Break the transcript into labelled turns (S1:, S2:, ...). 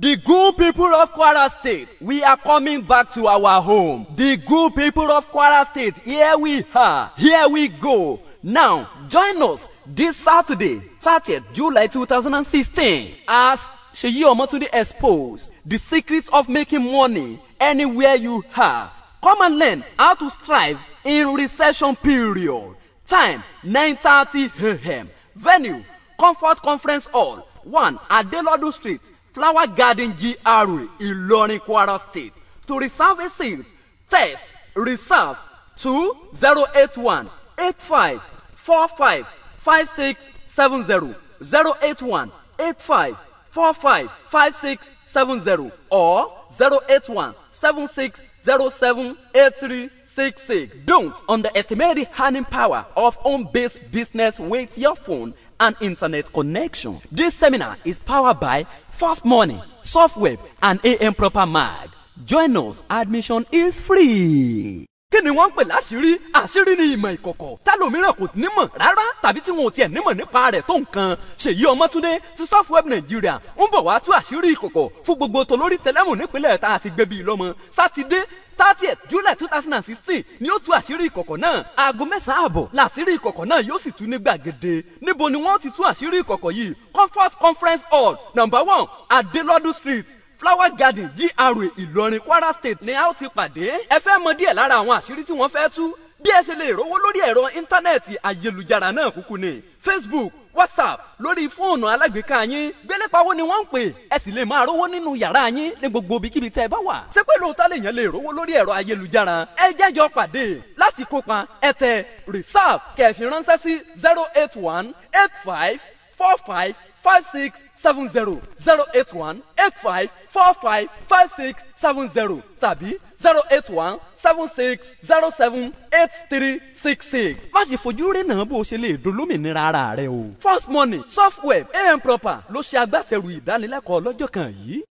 S1: The good people of Kwara State, we are coming back to our home. The good people of Kwara State, here we are, here we go. Now, join us this Saturday, 30th July 2016, as Seyi Omotunde expose the secrets of making money anywhere you are. Come and learn how to strive in recession period. Time 9:30 a.m. Venue Comfort Conference Hall, 1 Adelodun Street, flower garden gra ìlọrin kwara state to reserve a seat Test reserve two zero eight one eight five four five five six seven zero zero eight one eight five four five five six seven zero or zero eight one seven six zero seven eight three Six, six. Don't underestimate the earning power of home-based business with your phone and internet connection. This seminar is powered by Fast Money, Softweb, and AM Proper Mag. Join us. Admission is free kí ni wọ́n ń pè láṣìírí àṣírí ni ìmọ̀ ìkọ̀kọ̀ tálòmíràn kò nímọ̀ rárá tàbí tí wọn ò tiẹ̀ nímọ̀ nípa rẹ̀ tó nǹkan ṣèyí ọmọtúndé ti web nàìjíríà ń bọ̀ wá tú àṣírí ìkọ̀kọ̀ fún gbogbo tolórí tẹlẹ́mù nípínlẹ̀ tá a ti gbé bíi lọ́mọ sátidé thirtieth july two thousand and sixteen ni ó tú àṣírí ìkọ̀kọ̀ náà aago mẹ́sàn-án ààbọ̀ làṣírí ìkọ̀kọ̀ náà yóò sì tú ní gbàgede níbo ni wọ́n ti tú àṣírí ìkọ̀kọ̀ yìí comfort conference hall number one adelodun street flower garden gra ìlọrin kwara state ni a ó ti pàdé ẹ fẹ́ mọ díẹ̀ lára àwọn àṣírí tí wọ́n fẹ́ tú bí ẹ ṣe lè rówó lórí ẹ̀rọ íńtánẹ́ẹ̀tì ayélujára náà kúkú ni facebook whatsapp lórí fóònù alágbèéká yín gbélépawó ni wọ́n ń pè ẹ sì lè máa rówó nínú yàrá yín ní gbogbo ibikíbi tẹ́ ẹ bá wà. ṣé pé lóòótọ́ lèèyàn lè rówó lórí ẹ̀rọ ayélujára ẹ jẹ́jọ́ pàdé láti kópa ẹ̀tẹ̀ reserve kẹ̀fì ránṣẹ́ sí zero eight one eight five four five five six seven zero zero eight one eight five four five five six seven zero tàbí zero eight one seven six zero seven eight three six six. má ṣe fojú rí náà bó o ṣe lè dolómìnira ara rẹ o. first money software am proper ló ṣe agbátẹrù ìdánilẹ́kọ̀ọ́ lọ́jọ́ kan yìí.